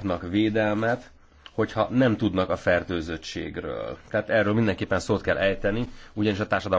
kapnak védelmet, hogyha nem tudnak a fertőzöttségről. Tehát erről mindenképpen szót kell ejteni, ugyanis a társadalom